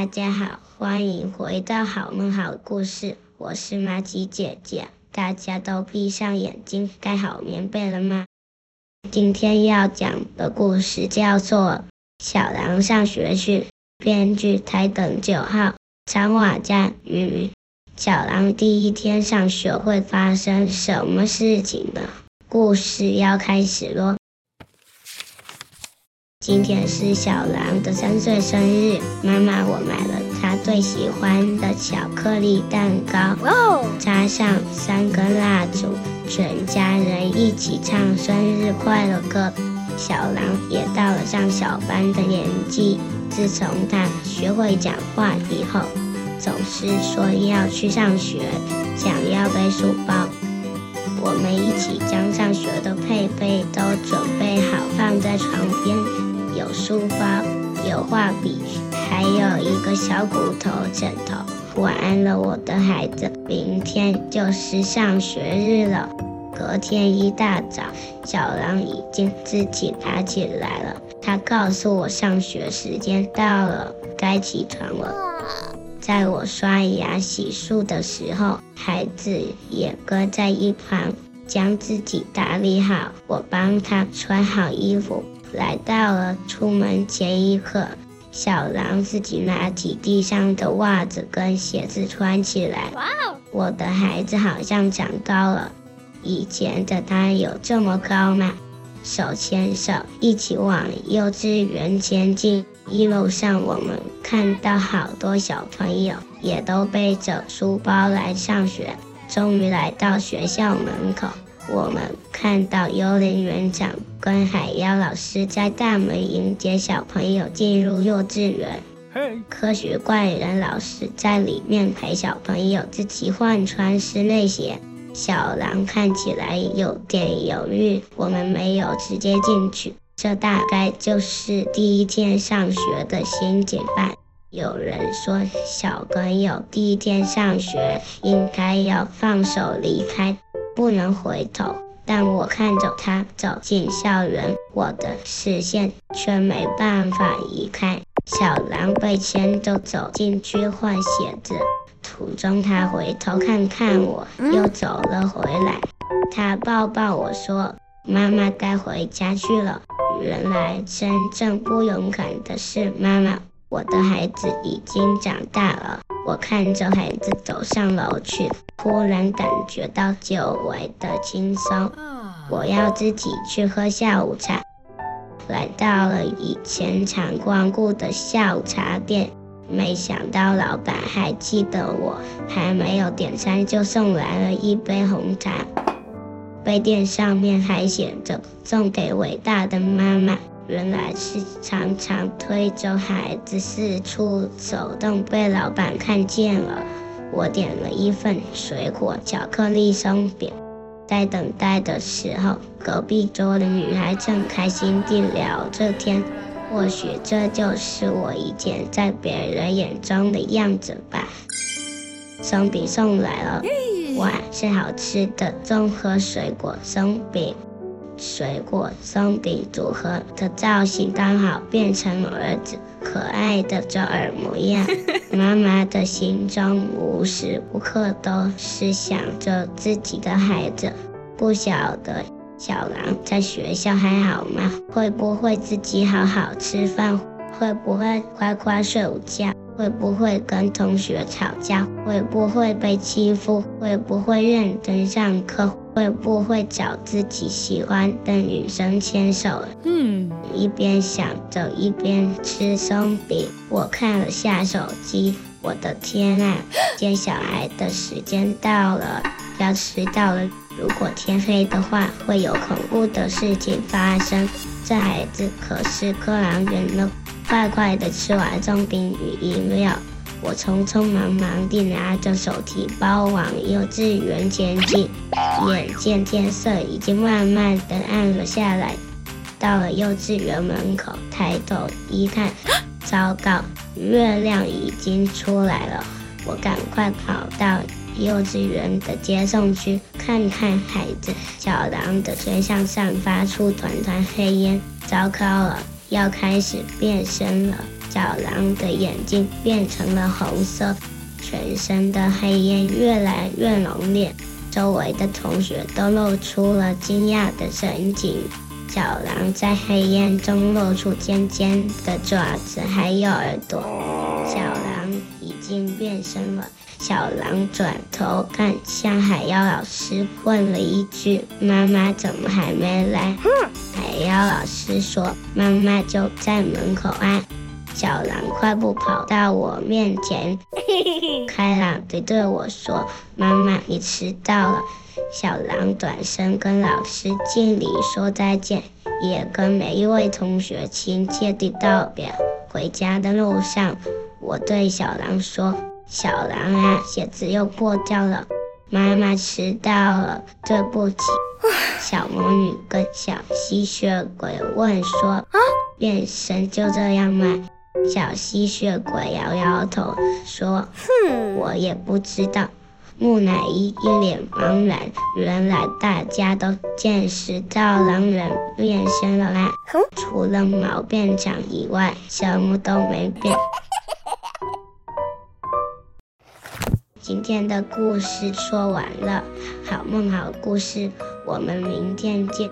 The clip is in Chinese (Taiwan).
大家好，歡迎回到好夢好故事，我是瑪吉姐姐。大家都閉上眼睛，蓋好棉被了嗎？今天要講的故事叫做《小狼上學去》，編劇：台梗玖號，插畫家：魚。小狼第一天上學會發生什麼事情呢？故事要開始咯。今天是小狼的三歲生日，媽媽我買了他最喜歡的巧克力蛋糕，插上三根蠟燭，全家人一起唱生日快樂歌。小狼也到了上小班的年紀，自從他學會講話以後，總是說要去上學，想要背書包。我們一起將上學的配備都準備好，放在床邊。有書包，有畫筆，還有一個小骨頭枕頭。晚安了，我的孩子。明天就是上學日了。隔天一大早，小狼已經自己爬起來了。它告訴我，上學時間到了，該起床了。在我刷牙洗漱的時候，孩子也跟在一旁將自己打理好。我幫他穿好衣服。來到了出門前一刻，小狼自己拿起地上的襪子跟鞋子穿起來。哇哦，我的孩子好像長高了，以前的他有這麼高嗎？手牽手一起往幼稚園前進。一路上我們看到好多小朋友也都背着書包來上學。終於來到學校門口。我們看到幽靈園長跟海妖老師在大門迎接小朋友進入幼稚園，Hey. 科學怪人老師在裡面陪小朋友自己換穿室內鞋。小狼看起來有點猶豫，我們沒有直接進去。這大概就是第一天上學的心情吧。有人說，小朋友第一天上學應該要放手離開。不能回頭，但我看着他走進校園，我的視線卻沒辦法移開。小狼被牽着走進去換鞋子，途中他回頭看看我，又走了回來。嗯？他抱抱我說：“媽媽該回家去了。”原來真正不勇敢的是媽媽。我的孩子已經長大了，我看着孩子走上樓去。突然感覺到久違的輕鬆，我要自己去喝下午茶。來到了以前常光顧的下午茶店，沒想到老闆還記得我，還沒有點餐就送來了一杯紅茶。杯墊上面還寫着“送給偉大的媽媽”，原來是常常推着孩子四處走動被老闆看見了。我點了一份水果巧克力鬆餅，在等待的時候，隔壁桌的女孩正開心地聊着天。或許這就是我以前在別人眼中的樣子吧。鬆餅送來了，碗是好吃的綜合水果鬆餅，水果鬆餅組合的造型剛好變成兒子可愛的狼耳模樣。 媽媽的心中無時不刻都是想着自己的孩子，不曉得小狼在學校還好嗎？會不會自己好好吃飯？會不會乖乖睡午覺？會不會跟同學吵架？會不會被欺負？會不會認真上課？會不會找自己喜歡的女生牽手？嗯，一邊想著，一邊吃鬆餅。我看了下手機，我的天啊，接小孩的時間到了，要遲到了。如果天黑的話，會有恐怖的事情發生。這孩子可是個狼人呢。快快地吃完冰與飲料，我匆匆忙忙地拿着手提包往幼稚園前進。眼見天色已經慢慢地暗了下來，到了幼稚園門口，抬頭一看，糟糕，月亮已經出來了。我趕快跑到幼稚園的接送區看看孩子。小狼的身上散發出團團黑煙，糟糕了！要開始變身了，小狼的眼睛變成了紅色，全身的黑煙越來越濃烈，周圍的同學都露出了驚訝的神情。小狼在黑煙中露出尖尖的爪子，還有耳朵。小狼已經變身了。小狼轉頭看向海妖老師，問了一句：“媽媽怎麼還沒來？”嗯、海妖老師說：“媽媽就在門口啊。”小狼快步跑到我面前， 開朗的對我說：“媽媽，你遲到了。”小狼轉身跟老師敬禮說再見，也跟每一位同學親切的道別。回家的路上，我對小狼說。小狼啊，鞋子又破掉了，媽媽遲到了，對不起。小魔女跟小吸血鬼問說：“啊，變身就這樣嗎？”小吸血鬼搖搖頭說：“哼，我也不知道。”木乃伊一臉茫然，原來大家都見識到狼人變身了啊。除了毛變長以外，什麼都沒變。今天的故事說完了，好夢好故事，我們明天見。